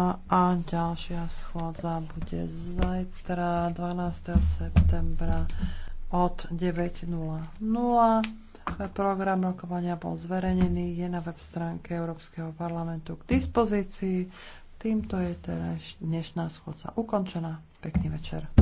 A ďalšia schôdza bude zajtra 12. septembra od 9.00. Program rokovania bol zverejnený, je na web stránke Európskeho parlamentu k dispozícii. Týmto je teraz dnešná schôdza ukončená. Pekný večer.